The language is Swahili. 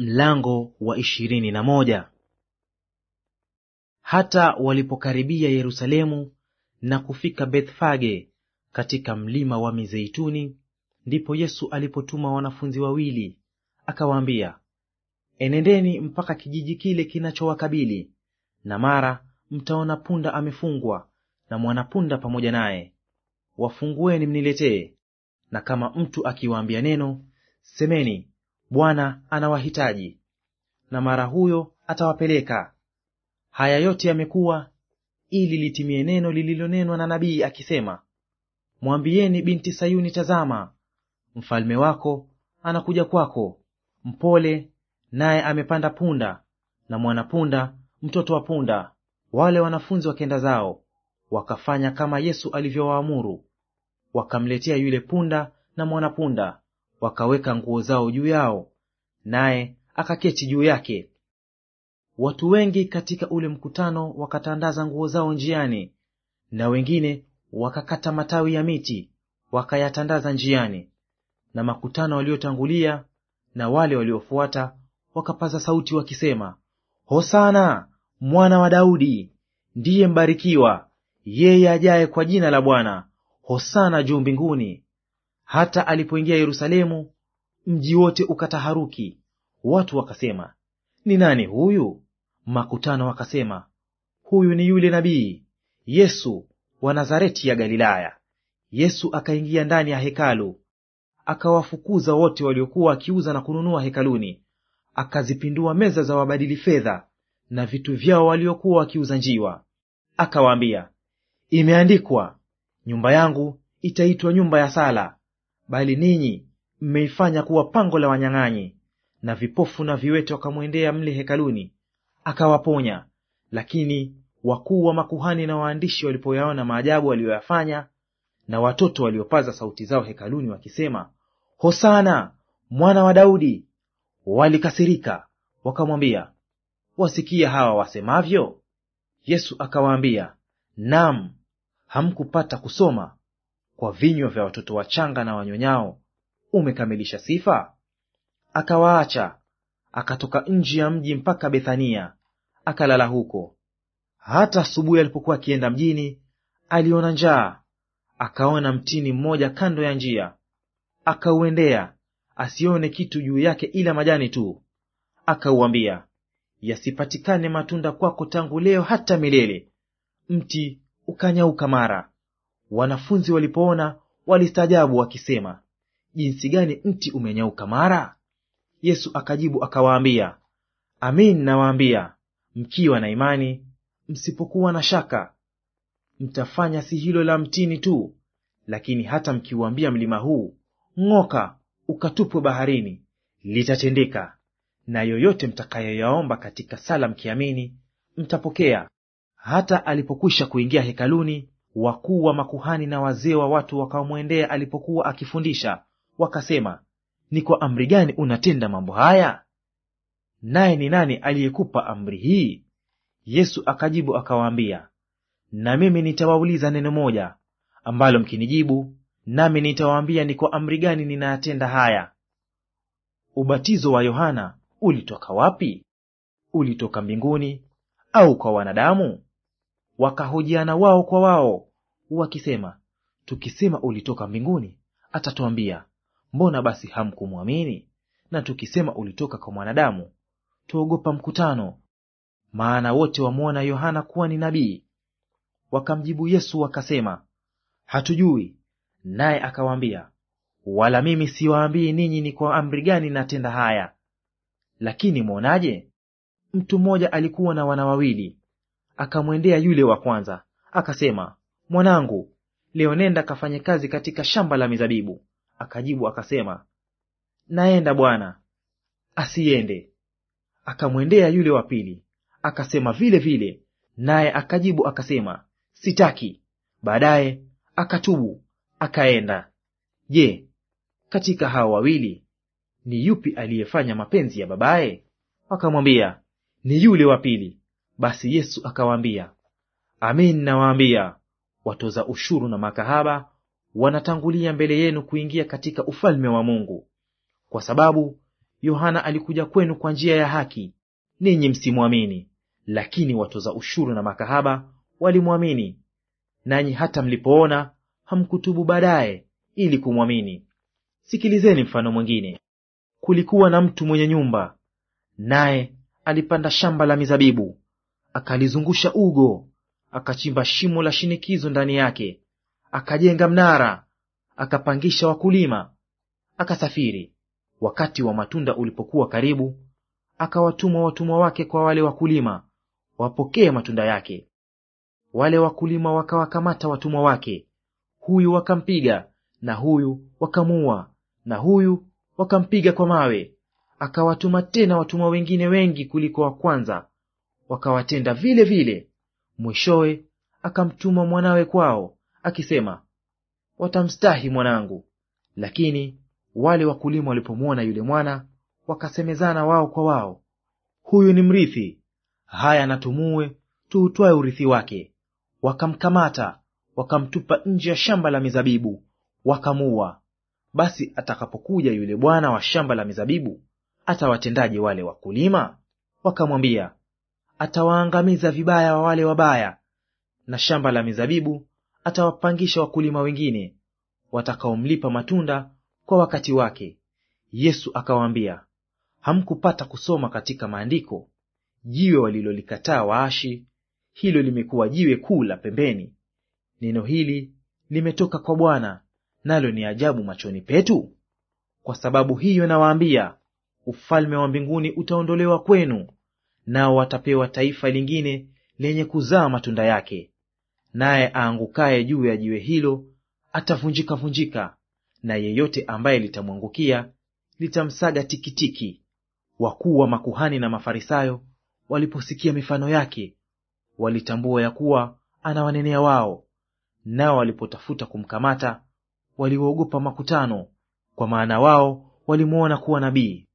Mlango wa ishirini na moja. Hata walipokaribia Yerusalemu na kufika Bethfage katika mlima wa Mizeituni, ndipo Yesu alipotuma wanafunzi wawili, akawaambia, enendeni mpaka kijiji kile kinachowakabili, na mara mtaona punda amefungwa na mwanapunda pamoja naye, wafungueni mniletee. Na kama mtu akiwaambia neno, semeni Bwana anawahitaji, na mara huyo atawapeleka. Haya yote yamekuwa ili litimie neno lililonenwa na nabii akisema, mwambieni binti Sayuni, tazama, mfalme wako anakuja kwako, mpole, naye amepanda punda, na mwanapunda, mtoto wa punda. Wale wanafunzi wakenda zao, wakafanya kama Yesu alivyowaamuru. Wakamletea yule punda na mwanapunda, wakaweka nguo zao juu yao, naye akaketi juu yake. Watu wengi katika ule mkutano wakatandaza nguo zao njiani, na wengine wakakata matawi ya miti wakayatandaza njiani. Na makutano waliotangulia na wale waliofuata wakapaza sauti wakisema, Hosana mwana wa Daudi! Ndiye mbarikiwa yeye ajaye kwa jina la Bwana, Hosana juu mbinguni. Hata alipoingia Yerusalemu, Mji wote ukataharuki, watu wakasema, ni nani huyu? Makutano wakasema, huyu ni yule nabii Yesu wa Nazareti ya Galilaya. Yesu akaingia ndani ya hekalu, akawafukuza wote waliokuwa wakiuza na kununua hekaluni, akazipindua meza za wabadili fedha na vitu vyao waliokuwa wakiuza njiwa. Akawaambia, imeandikwa, nyumba yangu itaitwa nyumba ya sala, bali ninyi mmeifanya kuwa pango la wanyang'anyi, na vipofu na viwete wakamwendea mle hekaluni, akawaponya. Lakini wakuu wa makuhani na waandishi walipoyaona maajabu aliyoyafanya, na watoto waliopaza sauti zao hekaluni wakisema, Hosana mwana wa Daudi, walikasirika wakamwambia, wasikia hawa wasemavyo? Yesu akawaambia, nam, hamkupata kusoma kwa vinywa vya watoto wachanga na wanyonyao umekamilisha sifa? Akawaacha, akatoka nje ya mji mpaka Bethania, akalala huko. Hata asubuhi alipokuwa akienda mjini, aliona njaa, akaona mtini mmoja kando ya njia, akauendea, asione kitu juu yake ila majani tu. Akauambia, yasipatikane matunda kwako tangu leo hata milele. Mti ukanyauka mara. Wanafunzi walipoona walistaajabu, wakisema jinsi gani mti umenyauka mara? Yesu akajibu akawaambia, amin nawaambia, mkiwa na imani, msipokuwa na shaka, mtafanya si hilo la mtini tu, lakini hata mkiuambia mlima huu, ng'oka ukatupwe baharini, litatendeka. Na yoyote mtakayoyaomba katika sala mkiamini, mtapokea. Hata alipokwisha kuingia hekaluni, wakuu wa makuhani na wazee wa watu wakamwendea alipokuwa akifundisha, wakasema, ni kwa amri gani unatenda mambo haya? Naye ni nani aliyekupa amri hii? Yesu akajibu akawaambia, na mimi nitawauliza neno moja, ambalo mkinijibu, nami nitawaambia ni kwa amri gani ninayatenda haya. Ubatizo wa Yohana ulitoka wapi? Ulitoka mbinguni au kwa wanadamu? Wakahojiana wao kwa wao wakisema, tukisema ulitoka mbinguni, atatuambia Mbona basi hamkumwamini? Na tukisema ulitoka kwa mwanadamu, tuogopa mkutano, maana wote wamwona Yohana kuwa ni nabii. Wakamjibu Yesu wakasema, hatujui. Naye akawaambia, wala mimi siwaambii ninyi ni kwa amri gani natenda haya. Lakini mwonaje? Mtu mmoja alikuwa na wana wawili. Akamwendea yule wa kwanza akasema, mwanangu, leo nenda kafanye kazi katika shamba la mizabibu. Akajibu akasema, naenda bwana. Asiende. Akamwendea yule wa pili, akasema vile vile, naye akajibu akasema, sitaki. Baadaye akatubu akaenda. Je, katika hao wawili ni yupi aliyefanya mapenzi ya babaye? Wakamwambia, ni yule wa pili. Basi Yesu akawaambia, amin nawaambia, watoza ushuru na makahaba wanatangulia mbele yenu kuingia katika ufalme wa Mungu. Kwa sababu Yohana alikuja kwenu kwa njia ya haki, ninyi msimwamini; lakini watoza ushuru na makahaba walimwamini. Nanyi hata mlipoona hamkutubu baadaye ili kumwamini. Sikilizeni mfano mwingine. Kulikuwa na mtu mwenye nyumba, naye alipanda shamba la mizabibu, akalizungusha ugo, akachimba shimo la shinikizo ndani yake, akajenga mnara, akapangisha wakulima, akasafiri. Wakati wa matunda ulipokuwa karibu, akawatuma watumwa wake kwa wale wakulima wapokee matunda yake. Wale wakulima wakawakamata watumwa wake, huyu wakampiga na huyu wakamuua, na huyu wakampiga kwa mawe. Akawatuma tena watumwa wengine wengi kuliko wa kwanza, wakawatenda vile vile. Mwishowe akamtuma mwanawe kwao, akisema, watamstahi mwanangu. Lakini wale wakulima walipomwona yule mwana, wakasemezana wao kwa wao, huyu ni mrithi, haya natumue tuutwae urithi wake. Wakamkamata wakamtupa nje ya shamba la mizabibu, wakamuua. Basi atakapokuja yule bwana wa shamba la mizabibu, atawatendaje wale wakulima? Wakamwambia, atawaangamiza vibaya wa wale wabaya, na shamba la mizabibu atawapangisha wakulima wengine watakaomlipa matunda kwa wakati wake. Yesu akawaambia, hamkupata kusoma katika maandiko, jiwe walilolikataa waashi, hilo limekuwa jiwe kuu la pembeni. Neno hili limetoka kwa Bwana, nalo ni ajabu machoni petu. Kwa sababu hiyo nawaambia, ufalme wa mbinguni utaondolewa kwenu, nao watapewa taifa lingine lenye kuzaa matunda yake naye aangukaye juu ya jiwe hilo atavunjika vunjika, na yeyote ambaye litamwangukia litamsaga tikitiki. Wakuu wa makuhani na Mafarisayo waliposikia mifano yake, walitambua ya kuwa anawanenea wao, nao walipotafuta kumkamata, waliwaogopa makutano, kwa maana wao walimwona kuwa nabii.